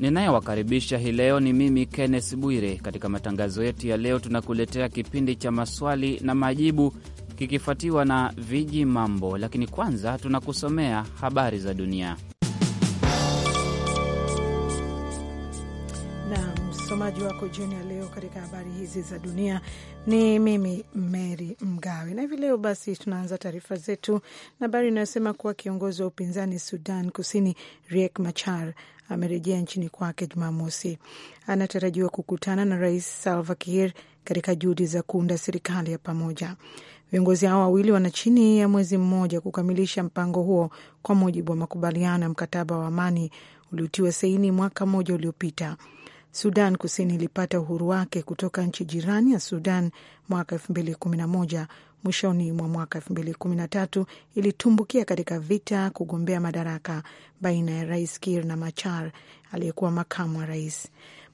Ninayewakaribisha hii leo ni mimi Kenneth Bwire. Katika matangazo yetu ya leo, tunakuletea kipindi cha maswali na majibu kikifuatiwa na viji mambo, lakini kwanza tunakusomea habari za dunia. Na msomaji wako jioni ya leo katika habari hizi za dunia ni mimi Mary Mgawe. Na hivi leo basi tunaanza taarifa zetu na habari inayosema kuwa kiongozi wa upinzani Sudan Kusini Riek Machar amerejea nchini kwake Jumamosi. Anatarajiwa kukutana na Rais Salva Kiir katika juhudi za kuunda serikali ya pamoja. Viongozi hao wawili wana chini ya mwezi mmoja kukamilisha mpango huo kwa mujibu wa makubaliano ya mkataba wa amani uliotiwa saini mwaka mmoja uliopita. Sudan Kusini ilipata uhuru wake kutoka nchi jirani ya Sudan mwaka elfu mbili kumi na moja mwishoni mwa mwaka elfu mbili kumi na tatu ilitumbukia katika vita kugombea madaraka baina ya rais Kir na Machar aliyekuwa makamu wa rais.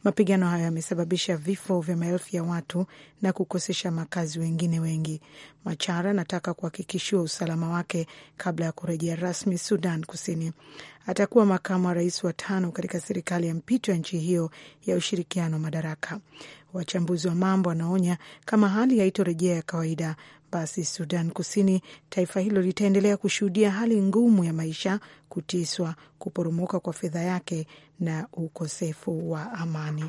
Mapigano hayo yamesababisha vifo vya maelfu ya watu na kukosesha makazi wengine wengi. Machar anataka kuhakikishiwa usalama wake kabla ya kurejea rasmi Sudan Kusini. Atakuwa makamu wa rais wa tano katika serikali ya mpito ya nchi hiyo ya ushirikiano madaraka. Wachambuzi wa mambo wanaonya kama hali haitorejea ya kawaida, basi Sudan Kusini, taifa hilo litaendelea kushuhudia hali ngumu ya maisha, kutiswa, kuporomoka kwa fedha yake na ukosefu wa amani.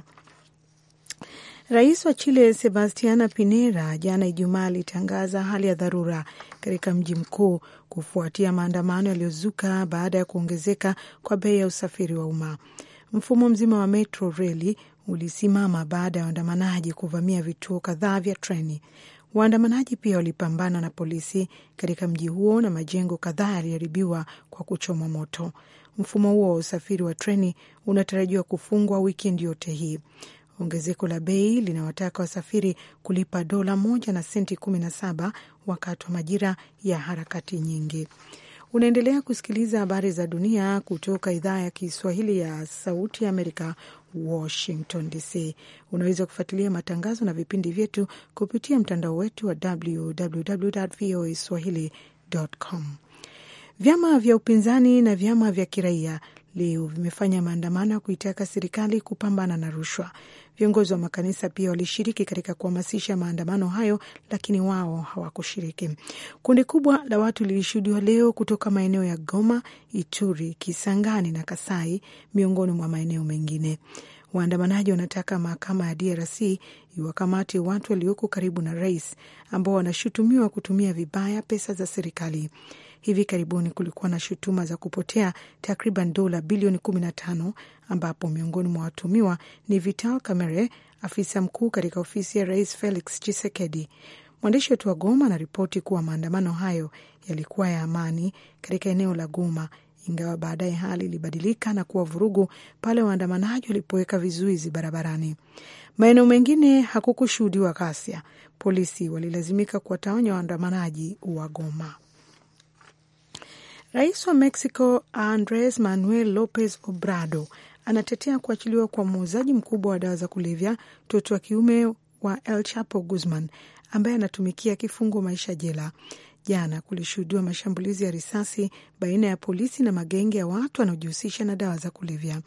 Rais wa Chile Sebastiana Pinera jana Ijumaa alitangaza hali ya dharura katika mji mkuu kufuatia maandamano yaliyozuka baada ya kuongezeka kwa bei ya usafiri wa umma. Mfumo mzima wa metro reli ulisimama baada ya waandamanaji kuvamia vituo kadhaa vya treni. Waandamanaji pia walipambana na polisi katika mji huo na majengo kadhaa yaliharibiwa kwa kuchomwa moto. Mfumo huo wa usafiri wa treni unatarajiwa kufungwa wikendi yote hii. Ongezeko la bei linawataka wasafiri kulipa dola moja na senti kumi na saba wakati wa majira ya harakati nyingi. Unaendelea kusikiliza habari za dunia kutoka idhaa ya Kiswahili ya Sauti ya Amerika, Washington DC. Unaweza kufuatilia matangazo na vipindi vyetu kupitia mtandao wetu wa www voa swahili.com. Vyama vya upinzani na vyama vya kiraia leo vimefanya maandamano ya kuitaka serikali kupambana na rushwa Viongozi wa makanisa pia walishiriki katika kuhamasisha maandamano hayo, lakini wao hawakushiriki. Kundi kubwa la watu lilishuhudiwa leo kutoka maeneo ya Goma, Ituri, Kisangani na Kasai, miongoni mwa maeneo mengine. Waandamanaji wanataka mahakama ya DRC iwakamate watu walioko karibu na rais ambao wanashutumiwa kutumia vibaya pesa za serikali. Hivi karibuni kulikuwa na shutuma za kupotea takriban dola bilioni 15 ambapo miongoni mwa watumiwa ni Vital Kamerhe, afisa mkuu katika ofisi ya rais Felix Tshisekedi. Mwandishi wetu wa Goma anaripoti kuwa maandamano hayo yalikuwa ya amani katika eneo la Goma ingawa baadaye hali ilibadilika na kuwa vurugu pale waandamanaji walipoweka vizuizi barabarani. Maeneo mengine hakukushuhudiwa ghasia. Polisi walilazimika kuwatawanya waandamanaji wa Goma. Rais wa Mexico Andres Manuel Lopez obrado anatetea kuachiliwa kwa muuzaji mkubwa wa dawa za kulevya, mtoto wa kiume wa El Chapo Guzman ambaye anatumikia kifungo maisha jela jana kulishuhudiwa mashambulizi ya risasi baina ya polisi na magenge ya watu wanaojihusisha na dawa za kulevya.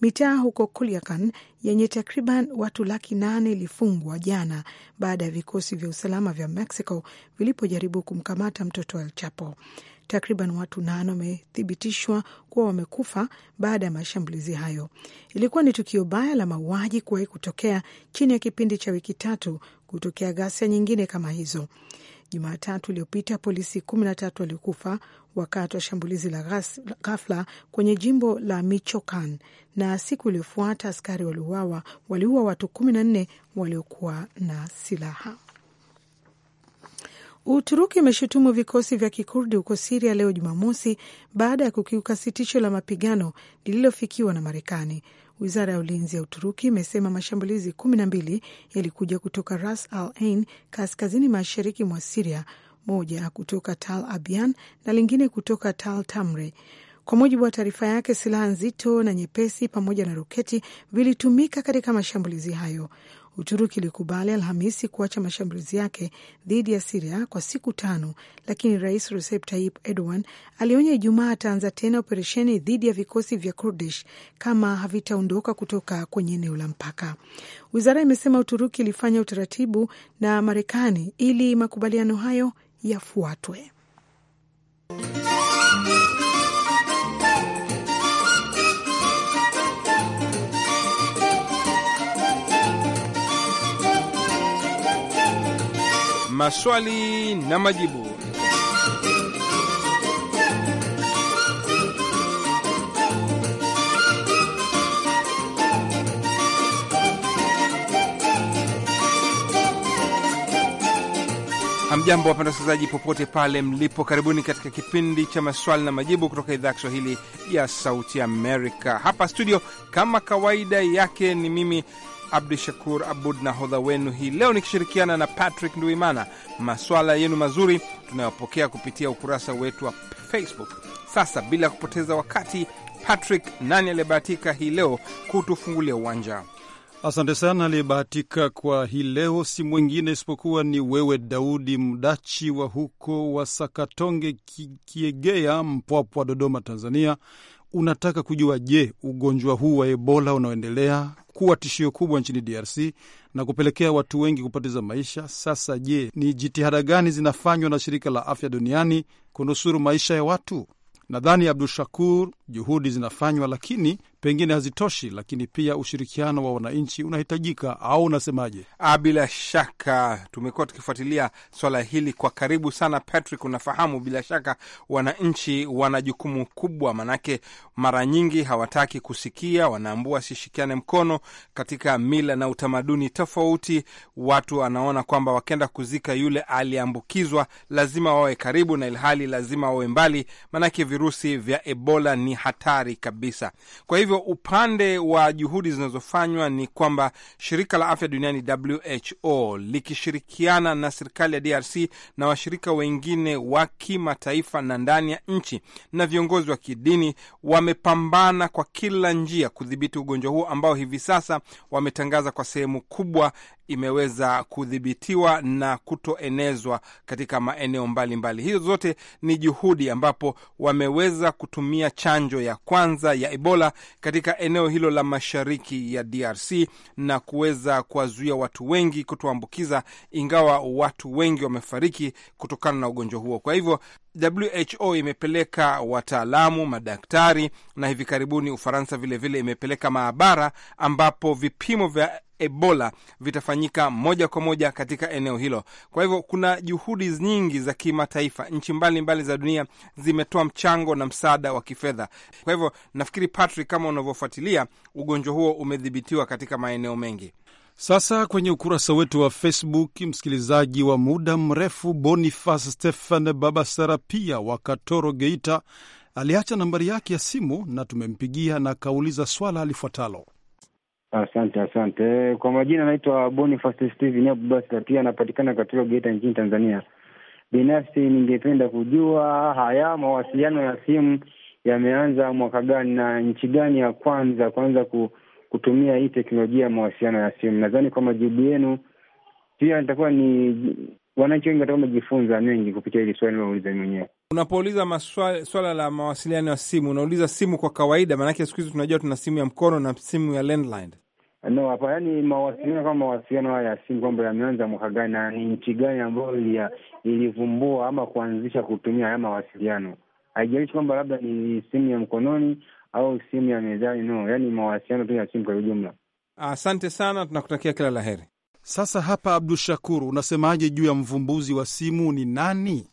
Mitaa huko Culiacan yenye takriban watu laki nane ilifungwa jana baada ya vikosi vya usalama vya Mexico vilipojaribu kumkamata mtoto wa El Chapo. Takriban watu nane wamethibitishwa kuwa wamekufa baada ya mashambulizi hayo. Ilikuwa ni tukio baya la mauaji kuwahi kutokea chini ya kipindi cha wiki tatu kutokea ghasia nyingine kama hizo. Jumatatu iliyopita polisi kumi na tatu walikufa wakati wa shambulizi la ghafla kwenye jimbo la Michoacan, na siku iliyofuata askari waliuawa waliua watu kumi na nne waliokuwa na silaha. Uturuki imeshutumu vikosi vya kikurdi huko Siria leo Jumamosi baada ya kukiuka sitisho la mapigano lililofikiwa na Marekani Wizara ya ulinzi ya Uturuki imesema mashambulizi kumi na mbili yalikuja kutoka Ras Al Ain kaskazini mashariki mwa Siria, moja kutoka Tal Abian na lingine kutoka Tal Tamre. Kwa mujibu wa taarifa yake, silaha nzito na nyepesi pamoja na roketi vilitumika katika mashambulizi hayo. Uturuki ilikubali Alhamisi kuacha mashambulizi yake dhidi ya Siria kwa siku tano, lakini rais Recep Tayyip Erdogan alionya Ijumaa ataanza tena operesheni dhidi ya vikosi vya Kurdish kama havitaondoka kutoka kwenye eneo la mpaka. Wizara imesema Uturuki ilifanya utaratibu na Marekani ili makubaliano hayo yafuatwe. maswali na majibu. Hamjambo, wapenda wasikilizaji popote pale mlipo, karibuni katika kipindi cha maswali na majibu kutoka idhaa ya Kiswahili ya Sauti Amerika. Hapa studio, kama kawaida yake, ni mimi Abdu Shakur Abud na hodha wenu hii leo, nikishirikiana na Patrick Nduimana. Maswala yenu mazuri tunayopokea kupitia ukurasa wetu wa Facebook. Sasa bila kupoteza wakati, Patrick, nani aliyebahatika hii leo kutufungulia uwanja? Asante sana. Aliyebahatika kwa hii leo si mwingine isipokuwa ni wewe Daudi Mdachi wa huko Wasakatonge, Kiegea, Mpwapwa, Dodoma, Tanzania unataka kujua, je, ugonjwa huu wa Ebola unaoendelea kuwa tishio kubwa nchini DRC na kupelekea watu wengi kupoteza maisha. Sasa je, ni jitihada gani zinafanywa na shirika la afya duniani kunusuru maisha ya watu? Nadhani Abdu Shakur, juhudi zinafanywa, lakini pengine hazitoshi, lakini pia ushirikiano wa wananchi unahitajika, au unasemaje? Ah, bila shaka tumekuwa tukifuatilia swala hili kwa karibu sana. Patrick, unafahamu bila shaka wananchi wana jukumu kubwa, manake mara nyingi hawataki kusikia, wanaambua sishikiane mkono katika mila na utamaduni tofauti. Watu wanaona kwamba wakenda kuzika yule aliambukizwa lazima wawe karibu na ilhali lazima wawe mbali, manake virusi vya Ebola ni hatari kabisa. Kwa hivyo hivyo upande wa juhudi zinazofanywa ni kwamba shirika la afya duniani WHO likishirikiana na serikali ya DRC na washirika wengine wa kimataifa na ndani ya nchi na viongozi wa kidini wamepambana kwa kila njia kudhibiti ugonjwa huo ambao hivi sasa wametangaza kwa sehemu kubwa imeweza kudhibitiwa na kutoenezwa katika maeneo mbalimbali. Hizo zote ni juhudi ambapo wameweza kutumia chanjo ya kwanza ya Ebola katika eneo hilo la mashariki ya DRC na kuweza kuwazuia watu wengi kutoambukiza, ingawa watu wengi wamefariki kutokana na ugonjwa huo. Kwa hivyo WHO imepeleka wataalamu, madaktari na hivi karibuni Ufaransa vilevile vile imepeleka maabara ambapo vipimo vya Ebola vitafanyika moja kwa moja katika eneo hilo. Kwa hivyo kuna juhudi nyingi za kimataifa, nchi mbalimbali za dunia zimetoa mchango na msaada wa kifedha. Kwa hivyo nafikiri, Patrick, kama unavyofuatilia, ugonjwa huo umedhibitiwa katika maeneo mengi. Sasa kwenye ukurasa wetu wa Facebook, msikilizaji wa muda mrefu Bonifas Stefan Baba Serapia wa Katoro, Geita, aliacha nambari yake ya simu na tumempigia na akauliza swala alifuatalo. Asante, asante kwa majina. Anaitwa Bonifas Steven Baba Serapia, anapatikana Katoro, Geita, nchini Tanzania. Binafsi ningependa kujua haya mawasiliano ya simu yameanza mwaka gani na nchi gani ya kwanza kuanza ku kutumia hii teknolojia ya mawasiliano ya simu. Nadhani kwa majibu yenu pia itakuwa ni wananchi wengi watakuwa wamejifunza mengi kupitia hili swali lilouliza mwenyewe. Unapouliza swala la mawasiliano ya simu, unauliza simu kwa kawaida? Maanake siku hizi tunajua tuna simu ya mkono na simu ya landline. No, hapa yani mawasiliano kama mawasiliano haya ya simu kwamba yameanza mwaka gani na ni nchi gani ambayo ilivumbua ama kuanzisha kutumia haya mawasiliano, haijalishi kwamba labda ni simu ya mkononi au simu ya mezani no, yani mawasiliano tu ya simu kwa ujumla. Asante sana, tunakutakia kila la heri. Sasa hapa, Abdu Shakur, unasemaje juu ya mvumbuzi wa simu ni nani?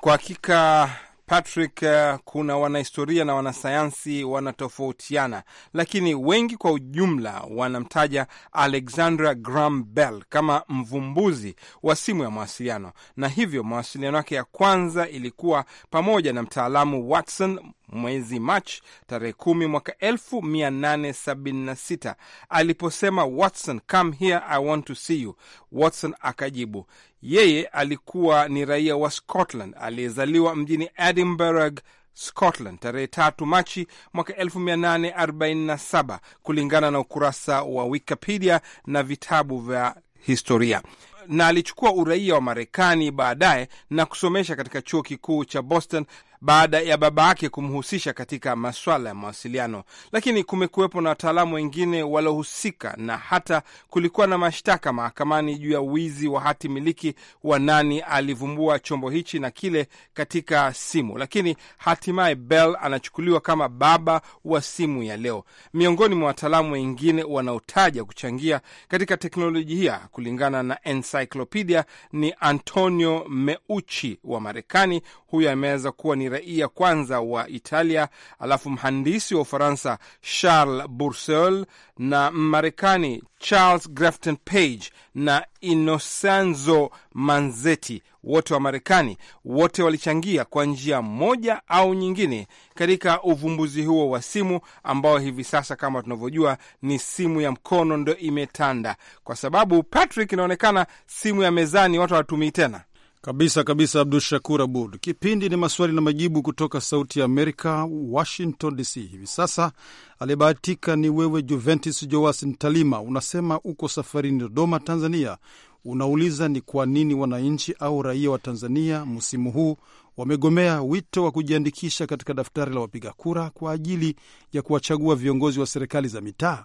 Kwa hakika Patrick, eh, kuna wanahistoria na wanasayansi wanatofautiana, lakini wengi kwa ujumla wanamtaja Alexandra Graham Bell kama mvumbuzi wa simu ya mawasiliano, na hivyo mawasiliano yake ya kwanza ilikuwa pamoja na mtaalamu Watson mwezi Machi tarehe kumi mwaka 1876 aliposema Watson, come here, I want to see you. Watson akajibu. Yeye alikuwa ni raia wa Scotland aliyezaliwa mjini Edinburgh, Scotland tarehe tatu Machi mwaka 1847 kulingana na ukurasa wa Wikipedia na vitabu vya historia na alichukua uraia wa Marekani baadaye na kusomesha katika chuo kikuu cha Boston baada ya baba yake kumhusisha katika maswala ya mawasiliano, lakini kumekuwepo na wataalamu wengine waliohusika na hata kulikuwa na mashtaka mahakamani juu ya wizi wa hati miliki wa nani alivumbua chombo hichi na kile katika simu. Lakini hatimaye Bell anachukuliwa kama baba wa simu ya leo, miongoni mwa wataalamu wengine wanaotaja kuchangia katika teknolojia. Kulingana na Encyclopedia ni Antonio Meucci wa Marekani. Huyo ameweza kuwa ni raia kwanza wa Italia, alafu mhandisi wa Ufaransa Charles Bourseul na Marekani Charles Grafton Page na Inocenzo Manzetti, wote wa Marekani. Wote walichangia kwa njia moja au nyingine katika uvumbuzi huo wa simu, ambao hivi sasa kama tunavyojua ni simu ya mkono ndo imetanda, kwa sababu Patrick, inaonekana simu ya mezani watu hawatumii tena. Kabisa kabisa, Abdu Shakur Abud. Kipindi ni maswali na majibu kutoka Sauti ya Amerika, Washington DC. Hivi sasa aliyebahatika ni wewe, Juventus Joas Ntalima. Unasema uko safarini Dodoma, Tanzania. Unauliza ni kwa nini wananchi au raia wa Tanzania msimu huu wamegomea wito wa kujiandikisha katika daftari la wapiga kura kwa ajili ya kuwachagua viongozi wa serikali za mitaa.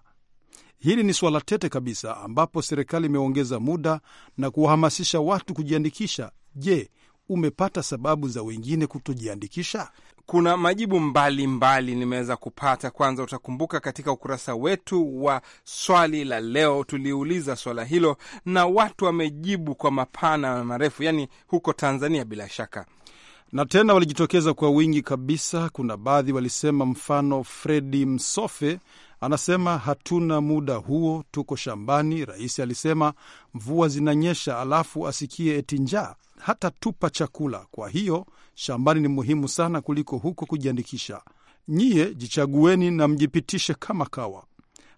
Hili ni suala tete kabisa, ambapo serikali imeongeza muda na kuwahamasisha watu kujiandikisha Je, umepata sababu za wengine kutojiandikisha? Kuna majibu mbalimbali nimeweza kupata. Kwanza, utakumbuka katika ukurasa wetu wa swali la leo tuliuliza swala hilo na watu wamejibu kwa mapana na marefu, yaani huko Tanzania bila shaka na tena walijitokeza kwa wingi kabisa. Kuna baadhi walisema, mfano Fredi Msofe Anasema hatuna muda huo, tuko shambani. Rais alisema mvua zinanyesha, alafu asikie eti njaa, hata tupa chakula. Kwa hiyo shambani ni muhimu sana kuliko huko kujiandikisha. nyiye jichagueni na mjipitishe kama kawa.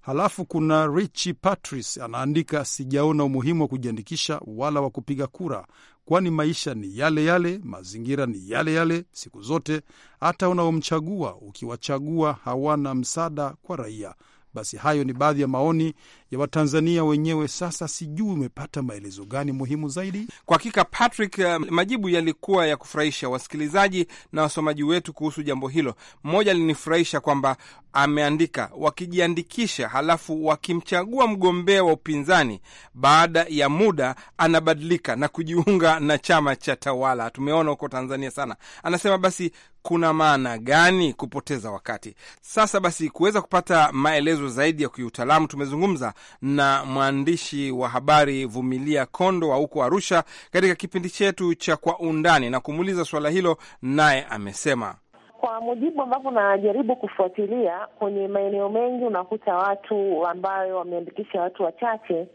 Halafu kuna Richi Patrice anaandika, sijaona umuhimu wa kujiandikisha wala wa kupiga kura, kwani maisha ni yale yale, mazingira ni yale yale siku zote. Hata unaomchagua ukiwachagua hawana msaada kwa raia. Basi hayo ni baadhi ya maoni ya Watanzania wenyewe. Sasa sijui umepata maelezo gani muhimu zaidi? Kwa hakika Patrick, uh, majibu yalikuwa ya kufurahisha wasikilizaji na wasomaji wetu kuhusu jambo hilo. Mmoja alinifurahisha kwamba ameandika, wakijiandikisha halafu wakimchagua mgombea wa upinzani, baada ya muda anabadilika na kujiunga na chama cha tawala. Tumeona huko Tanzania sana. Anasema basi kuna maana gani kupoteza wakati? Sasa basi, kuweza kupata maelezo zaidi ya kiutaalamu, tumezungumza na mwandishi wa habari Vumilia Kondo wa huko Arusha katika kipindi chetu cha Kwa Undani na kumuuliza suala hilo, naye amesema kwa mujibu ambavyo najaribu kufuatilia kwenye maeneo mengi, unakuta watu ambayo wameandikisha watu wachache.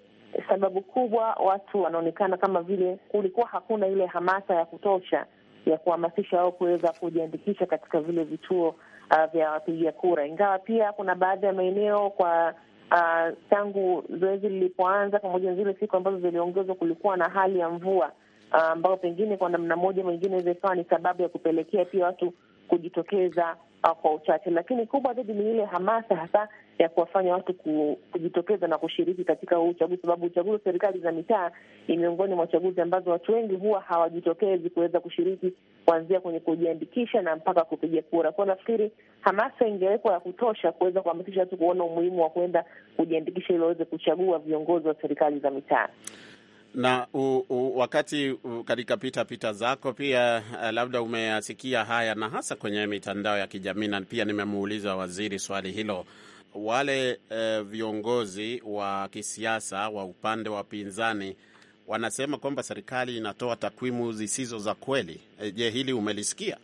Sababu kubwa watu wanaonekana kama vile kulikuwa hakuna ile hamasa ya kutosha ya kuhamasisha au kuweza kujiandikisha katika vile vituo uh, vya wapiga kura, ingawa pia kuna baadhi ya maeneo kwa Ah, tangu zoezi lilipoanza pamoja na zile siku ambazo ziliongezwa, kulikuwa na hali ya mvua ah, ambayo uh, pengine kwa namna moja mwingine inaweza ikawa ni sababu ya kupelekea pia watu kujitokeza uh, kwa uchache, lakini kubwa zaidi ni ile hamasa hasa ya kuwafanya watu kujitokeza na kushiriki katika huu uchaguzi, sababu uchaguzi wa serikali za mitaa ni miongoni mwa chaguzi ambazo watu wengi huwa hawajitokezi kuweza kushiriki, kuanzia kwenye kujiandikisha na mpaka kupiga kura. Kwa nafikiri hamasa ingewekwa ya kutosha kuweza kuhamasisha watu kuona umuhimu wa kuenda kujiandikisha ili waweze kuchagua viongozi wa serikali za mitaa na u, u, wakati katika pita pita zako pia eh, labda umeasikia haya, na hasa kwenye mitandao ya kijamii, na pia nimemuuliza waziri swali hilo wale eh, viongozi wa kisiasa wa upande wa pinzani wanasema kwamba serikali inatoa takwimu zisizo za kweli. Eh, je, hili umelisikia?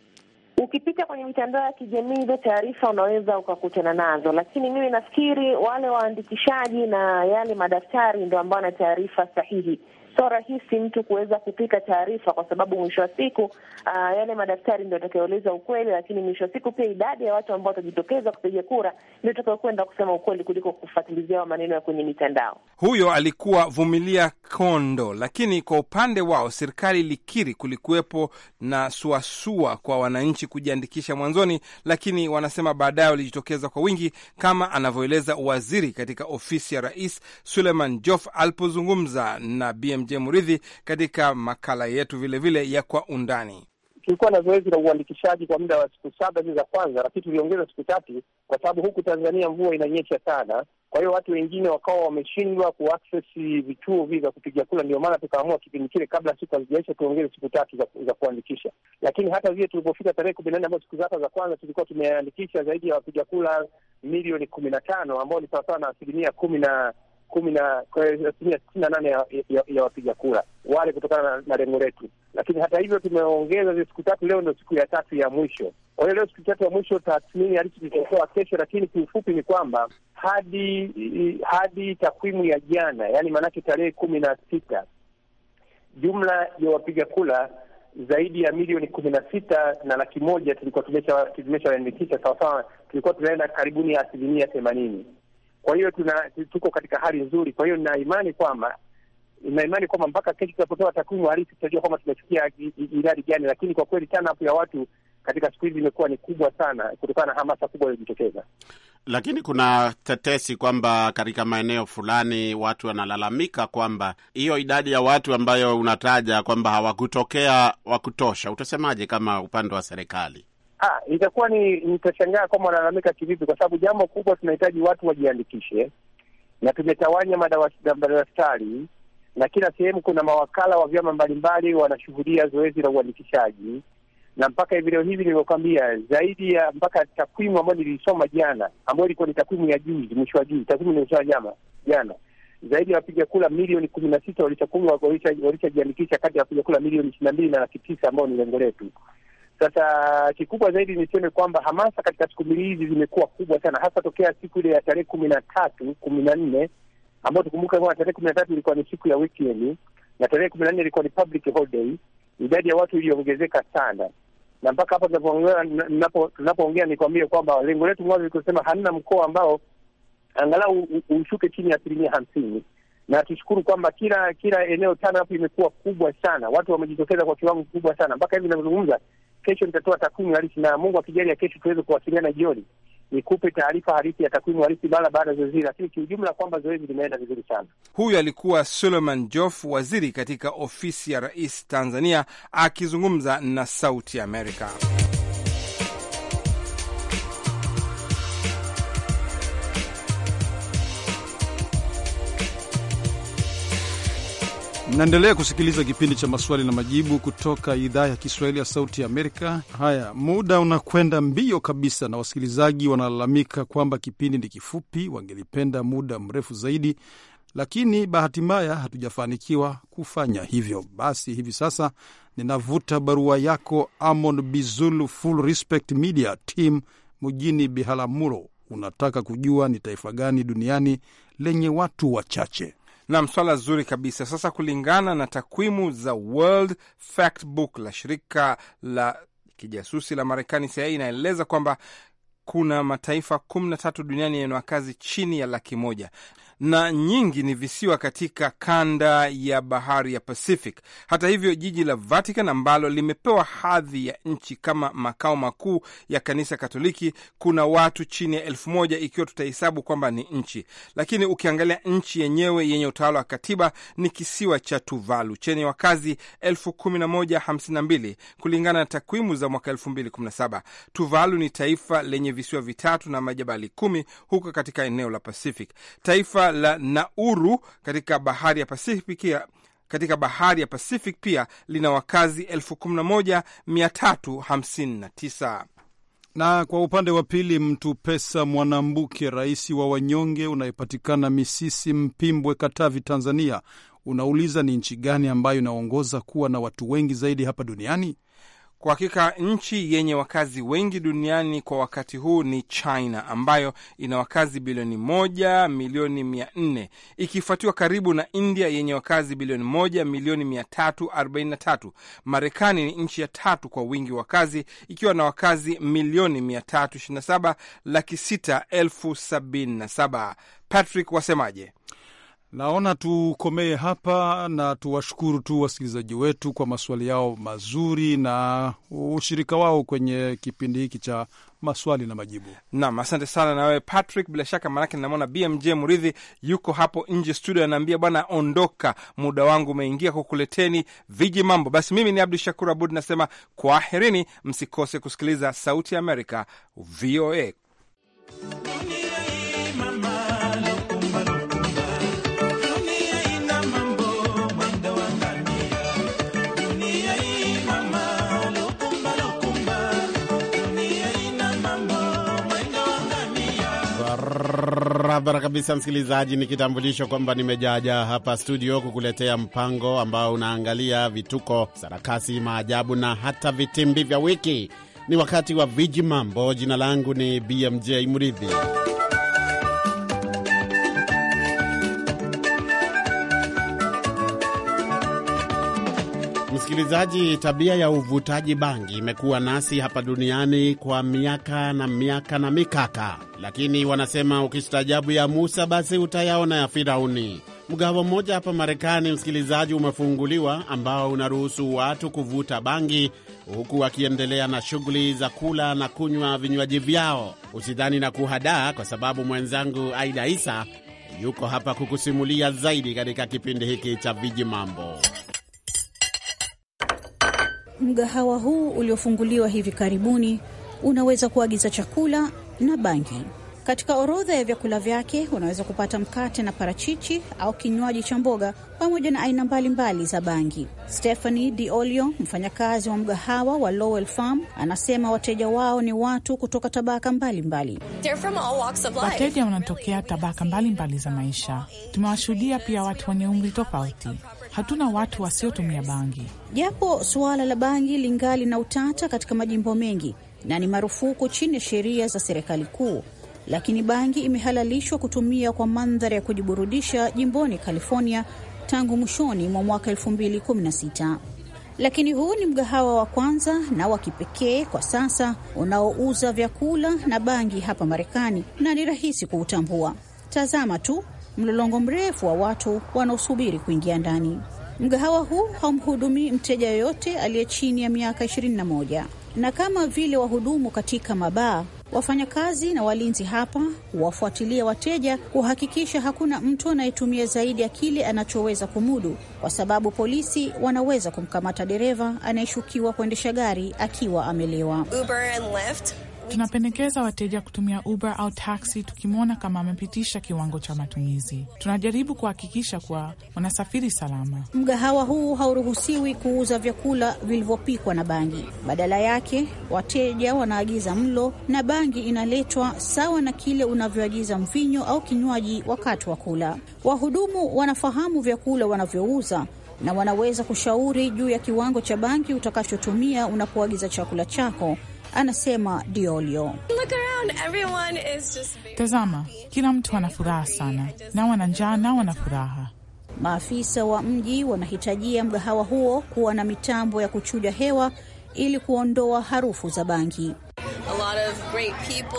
Ukipita kwenye mitandao ya kijamii hizo taarifa unaweza ukakutana nazo, lakini mimi nafikiri wale waandikishaji na yale madaftari ndio ambao na taarifa sahihi so rahisi mtu kuweza kupika taarifa, kwa sababu mwisho wa siku uh, yale madaftari ndio atakayoeleza ukweli, lakini mwisho wa siku pia idadi ya watu ambao watajitokeza kupiga kura ndio atakayokwenda kusema ukweli kuliko kufuatilizia maneno ya kwenye mitandao. Huyo alikuwa Vumilia Kondo. Lakini kwa upande wao serikali ilikiri kulikuwepo na suasua kwa wananchi kujiandikisha mwanzoni, lakini wanasema baadaye walijitokeza kwa wingi, kama anavyoeleza waziri katika ofisi ya rais Suleiman Jof alipozungumza na BM BMJ Muridhi katika makala yetu vilevile vile ya kwa undani. Tulikuwa na zoezi la uandikishaji kwa muda wa siku saba hizi za kwanza, lakini tuliongeza siku tatu kwa sababu huku Tanzania mvua inanyesha sana. Kwa hiyo watu wengine wakawa wameshindwa kuaccess vituo hivi vya kupiga kura, ndio maana tukaamua kipindi kile kabla siku hazijaisha tuongeze siku tatu za, za kuandikisha. Lakini hata vile tulipofika tarehe kumi na nne ambayo siku zaka za kwanza tulikuwa tumeandikisha zaidi ya wapiga kura milioni kumi na tano ambao ni sawasawa na asilimia kumi na kumi na asilimia sitini na nane ya, ya, ya wapiga kura wale kutokana na, na lengo letu. Lakini hata hivyo tumeongeza zile siku tatu. Leo ndo siku ya tatu ya mwisho, kwa hiyo leo siku tatu ya mwisho tathmini halisi tutatoa kesho, lakini kiufupi ni kwamba hadi hadi takwimu ya jana, yaani maanake tarehe kumi na sita jumla ya wapiga kura zaidi ya milioni kumi na sita na laki moja tulikuwa tumeshawaandikisha, sawasawa tulikuwa tunaenda karibuni ya asilimia themanini. Kwa hiyo tuna tuko katika hali nzuri, kwa hiyo nina imani kwamba nina imani kwamba mpaka kesho tunapotoa takwimu halisi tutajua kwamba tumefikia idadi gani, lakini kwa kweli turn ya watu katika siku hizi imekuwa ni kubwa sana kutokana na hamasa kubwa iliyojitokeza. Lakini kuna tetesi kwamba katika maeneo fulani watu wanalalamika kwamba hiyo idadi ya watu ambayo unataja kwamba hawakutokea wa kutosha. Utasemaje kama upande wa serikali? Ah, itakuwa ni nitashangaa kama wanalalamika kivipi, kwa sababu jambo kubwa tunahitaji watu wajiandikishe, na tumetawanya madaftari na kila sehemu kuna mawakala wa vyama mbalimbali wanashuhudia zoezi la uandikishaji, na mpaka hivi leo hivi nilivyokwambia, zaidi ya mpaka takwimu ambayo nilisoma jana, ambayo ilikuwa ni takwimu ya juzi, mwisho wa juzi, takwimu niliosoma jana jana, zaidi ya wapiga kula milioni kumi na sita walishajiandikisha kati ya wapiga kula milioni ishirini na mbili na laki tisa ambao ni lengo letu. Sasa kikubwa zaidi niseme kwamba hamasa katika siku mbili hizi zimekuwa kubwa sana, hasa tokea siku ile ya tarehe kumi na tatu kumi na nne ambayo tukumbuka kwamba tarehe kumi na tatu ilikuwa ni siku ya weekend na tarehe kumi na nne ilikuwa ni public holiday. Idadi ya watu iliongezeka sana, na mpaka hapa tunapoongea nikuambie kwamba lengo letu mwanzo likusema hamna mkoa ambao angalau ushuke chini ya asilimia hamsini na tushukuru kwamba kila kila eneo tano hapo imekuwa kubwa sana, watu wamejitokeza kwa kiwango kikubwa sana. Mpaka hivi ninavyozungumza Kesho nitatoa takwimu halisi, na Mungu ya kesho tuweze kuwasiliana jioni, nikupe taarifa halisi ya takwimu halisi mara baada ya zoezi, lakini kiujumla kwamba zoezi limeenda vizuri sana. Huyu alikuwa Suleiman Jof, waziri katika ofisi ya rais Tanzania, akizungumza na Sauti Amerika. Mnaendelea kusikiliza kipindi cha maswali na majibu kutoka idhaa ya Kiswahili ya Sauti ya Amerika. Haya, muda unakwenda mbio kabisa, na wasikilizaji wanalalamika kwamba kipindi ni kifupi, wangelipenda muda mrefu zaidi, lakini bahati mbaya hatujafanikiwa kufanya hivyo. Basi hivi sasa ninavuta barua yako Amon Bizulu, Full Respect Media Team, mjini Bihalamuro. Unataka kujua ni taifa gani duniani lenye watu wachache? Nam, swala zuri kabisa. Sasa kulingana na takwimu za World Factbook la shirika la kijasusi la Marekani CIA inaeleza kwamba kuna mataifa kumi na tatu duniani yenye wakazi chini ya laki moja na nyingi ni visiwa katika kanda ya bahari ya Pacific. Hata hivyo, jiji la Vatican ambalo limepewa hadhi ya nchi kama makao makuu ya kanisa Katoliki, kuna watu chini ya elfu moja ikiwa tutahesabu kwamba ni nchi. Lakini ukiangalia nchi yenyewe yenye utawala wa katiba ni kisiwa cha Tuvalu chenye wakazi elfu kumi na moja hamsini na mbili kulingana na takwimu za mwaka elfu mbili kumi na saba. Tuvalu ni taifa lenye visiwa vitatu na majabali kumi huko katika eneo la Pacific. Taifa la Nauru katika bahari ya Pasifiki katika bahari ya Pacific pia lina wakazi 11359. Na kwa upande wa pili, mtu pesa Mwanambuke, rais wa wanyonge unayepatikana Misisi, Mpimbwe, Katavi, Tanzania, unauliza ni nchi gani ambayo inaongoza kuwa na watu wengi zaidi hapa duniani? Kwa hakika nchi yenye wakazi wengi duniani kwa wakati huu ni China ambayo ina wakazi bilioni moja milioni mia nne ikifuatiwa karibu na India yenye wakazi bilioni moja milioni mia tatu arobaini na tatu. Marekani ni nchi ya tatu kwa wingi wa wakazi ikiwa na wakazi milioni mia tatu ishirini na saba laki sita elfu sabini na saba. Patrick wasemaje? Naona tukomee hapa na tuwashukuru tu wasikilizaji wetu kwa maswali yao mazuri na ushirika wao kwenye kipindi hiki cha maswali na majibu. Naam, asante sana na wewe Patrick, bila shaka maanake namwona BMJ Muridhi yuko hapo nje studio, anaambia bwana, ondoka, muda wangu umeingia kukuleteni viji mambo. Basi mimi ni Abdu Shakur Abud nasema kwaherini, msikose kusikiliza Sauti ya Amerika VOA. Barabara kabisa, msikilizaji, ni kitambulisho kwamba nimejaja hapa studio kukuletea mpango ambao unaangalia vituko, sarakasi, maajabu na hata vitimbi vya wiki. Ni wakati wa viji mambo. Jina langu ni BMJ Mridhi. Msikilizaji, tabia ya uvutaji bangi imekuwa nasi hapa duniani kwa miaka na miaka na mikaka, lakini wanasema ukistaajabu ya Musa basi utayaona ya Firauni. Mgawo mmoja hapa Marekani, msikilizaji, umefunguliwa ambao unaruhusu watu kuvuta bangi huku wakiendelea na shughuli za kula na kunywa vinywaji vyao. Usidhani na kuhadaa, kwa sababu mwenzangu Aida Isa yuko hapa kukusimulia zaidi katika kipindi hiki cha Viji Mambo. Mgahawa huu uliofunguliwa hivi karibuni unaweza kuagiza chakula na bangi. Katika orodha ya vyakula vyake unaweza kupata mkate na parachichi au kinywaji cha mboga pamoja na aina mbalimbali za bangi. Stephanie Di Olio, mfanyakazi wa mgahawa wa Lowell Farm, anasema wateja wao ni watu kutoka tabaka mbalimbali mbali. Wateja wanatokea tabaka mbalimbali mbali za maisha. Tumewashuhudia pia watu wenye umri tofauti, hatuna watu wasiotumia bangi, japo suala la bangi lingali na utata katika majimbo mengi na ni marufuku chini ya sheria za serikali kuu lakini bangi imehalalishwa kutumia kwa mandhari ya kujiburudisha jimboni California tangu mwishoni mwa mwaka 2016 lakini huu ni mgahawa wa kwanza na wa kipekee kwa sasa unaouza vyakula na bangi hapa Marekani, na ni rahisi kuutambua. Tazama tu mlolongo mrefu wa watu wanaosubiri kuingia ndani. Mgahawa huu haumhudumii mteja yoyote aliye chini ya miaka 21, na kama vile wahudumu katika mabaa Wafanyakazi na walinzi hapa huwafuatilia wateja kuhakikisha hakuna mtu anayetumia zaidi ya kile anachoweza kumudu, kwa sababu polisi wanaweza kumkamata dereva anayeshukiwa kuendesha gari akiwa amelewa. Uber and Lyft Tunapendekeza wateja kutumia Uber au taksi tukimwona kama amepitisha kiwango cha matumizi. Tunajaribu kuhakikisha kuwa wanasafiri salama. Mgahawa huu hauruhusiwi kuuza vyakula vilivyopikwa na bangi. Badala yake, wateja wanaagiza mlo na bangi inaletwa sawa na kile unavyoagiza mvinyo au kinywaji wakati wa kula. Wahudumu wanafahamu vyakula wanavyouza na wanaweza kushauri juu ya kiwango cha bangi utakachotumia unapoagiza chakula chako anasema Diolio. Tazama, kila mtu ana furaha sana, na wana njaa na wana furaha. Maafisa wa mji wanahitajia mgahawa huo kuwa na mitambo ya kuchuja hewa ili kuondoa harufu za bangi.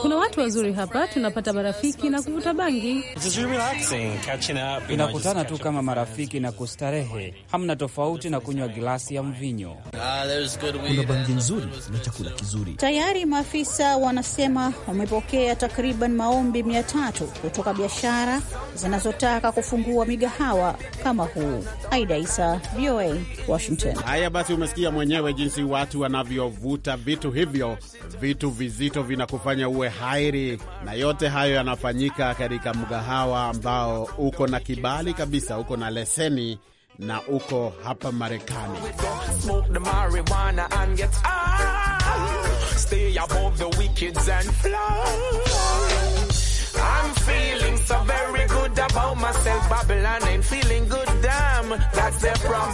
Kuna watu wazuri hapa, tunapata marafiki na kuvuta bangi. Tunakutana tu kama marafiki na kustarehe, hamna tofauti na kunywa gilasi ya mvinyo. Ah, Kuna bangi nzuri na chakula kizuri. Tayari maafisa wanasema wamepokea takriban maombi mia tatu kutoka biashara zinazotaka kufungua migahawa kama huu. Aida Isa, VOA, Washington. Haya basi, umesikia mwenyewe jinsi watu wanavyovuta vitu hivyo, vitu vizito vinakufanya uwe hairi, na yote hayo yanafanyika katika mgahawa ambao uko na kibali kabisa, uko na leseni na uko hapa Marekani.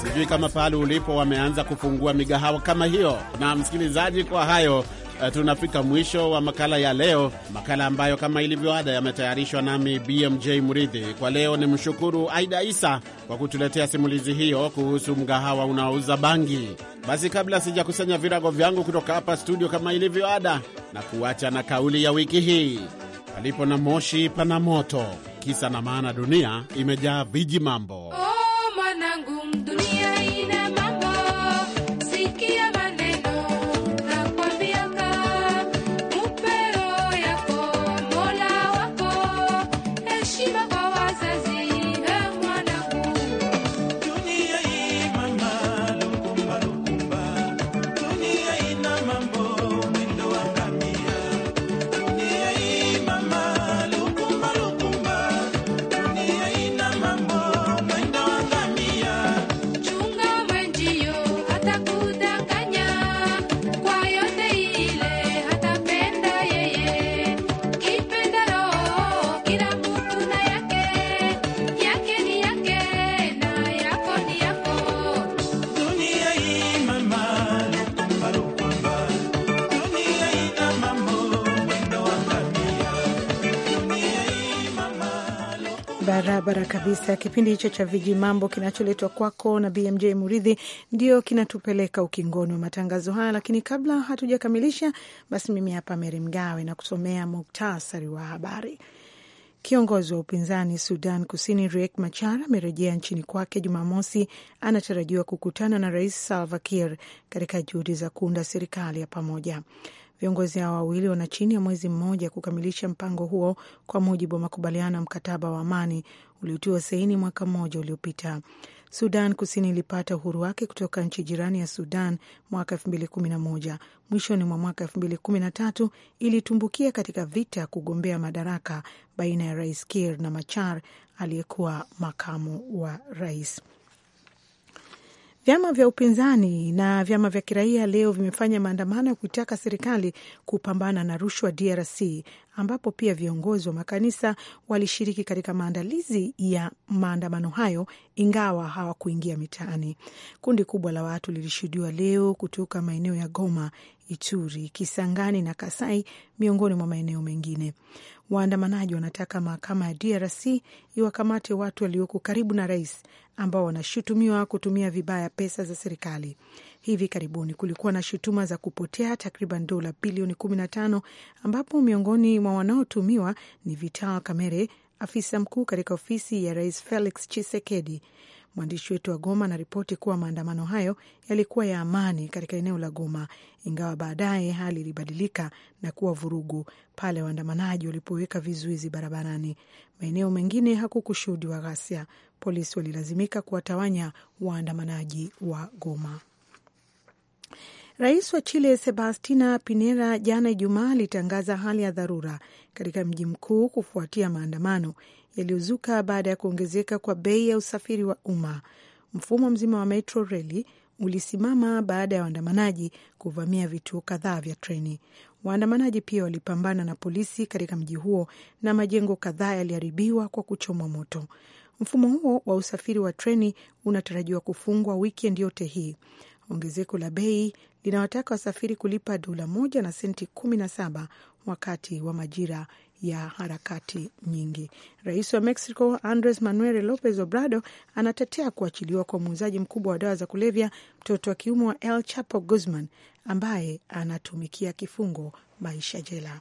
Sijui kama pale ulipo wameanza kufungua migahawa kama hiyo. Na msikilizaji, kwa hayo Eh, tunafika mwisho wa makala ya leo, makala ambayo kama ilivyo ada yametayarishwa nami BMJ Mridhi. Kwa leo ni mshukuru Aida Isa kwa kutuletea simulizi hiyo kuhusu mgahawa unaouza bangi. Basi kabla sijakusanya virago vyangu kutoka hapa studio, kama ilivyo ada, na kuacha na kauli ya wiki hii, palipo na moshi pana moto. Kisa na maana, dunia imejaa viji mambo. Barabara kabisa. Kipindi hicho cha viji mambo kinacholetwa kwako na BMJ Muridhi ndio kinatupeleka ukingoni wa matangazo haya, lakini kabla hatujakamilisha, basi mimi hapa Meri Mgawe na kusomea muktasari wa habari. Kiongozi wa upinzani Sudan Kusini Riek Machar amerejea nchini kwake Jumamosi. Anatarajiwa kukutana na Rais Salva Kiir katika juhudi za kuunda serikali ya pamoja. Viongozi hao wawili wana chini ya mwezi mmoja kukamilisha mpango huo kwa mujibu wa makubaliano ya mkataba wa amani uliotiwa saini mwaka mmoja uliopita. Sudan Kusini ilipata uhuru wake kutoka nchi jirani ya Sudan mwaka elfu mbili kumi na moja. Mwishoni mwa mwaka elfu mbili kumi na tatu ilitumbukia katika vita kugombea madaraka baina ya Rais Kir na Machar aliyekuwa makamu wa rais. Vyama vya upinzani na vyama vya kiraia leo vimefanya maandamano ya kuitaka serikali kupambana na rushwa DRC, ambapo pia viongozi wa makanisa walishiriki katika maandalizi ya maandamano hayo, ingawa hawakuingia mitaani. Kundi kubwa la watu lilishuhudiwa leo kutoka maeneo ya Goma, Ituri, Kisangani na Kasai, miongoni mwa maeneo mengine. Waandamanaji wanataka mahakama ya DRC iwakamate watu walioko karibu na rais ambao wanashutumiwa kutumia vibaya pesa za serikali. Hivi karibuni kulikuwa na shutuma za kupotea takriban dola bilioni 15 ambapo miongoni mwa wanaotumiwa ni Vital Kamerhe, afisa mkuu katika ofisi ya rais Felix chisekedi Mwandishi wetu wa Goma anaripoti kuwa maandamano hayo yalikuwa ya amani katika eneo la Goma, ingawa baadaye hali ilibadilika na kuwa vurugu pale waandamanaji walipoweka vizuizi barabarani. Maeneo mengine hakukushuhudiwa ghasia. Polisi walilazimika kuwatawanya waandamanaji wa Goma. Rais wa Chile sebastina Pinera jana Ijumaa alitangaza hali ya dharura katika mji mkuu kufuatia maandamano yaliyozuka baada ya kuongezeka kwa bei ya usafiri wa umma. Mfumo mzima wa metro reli ulisimama baada ya waandamanaji kuvamia vituo kadhaa vya treni. Waandamanaji pia walipambana na polisi katika mji huo na majengo kadhaa yaliharibiwa kwa kuchomwa moto. Mfumo huo wa usafiri wa treni unatarajiwa kufungwa wikendi yote hii. Ongezeko la bei linawataka wasafiri kulipa dola moja na senti kumi na saba wakati wa majira ya harakati nyingi. Rais wa Mexico Andres Manuel Lopez Obrador anatetea kuachiliwa kwa muuzaji mkubwa wa dawa za kulevya, mtoto wa kiume wa El Chapo Guzman ambaye anatumikia kifungo maisha jela.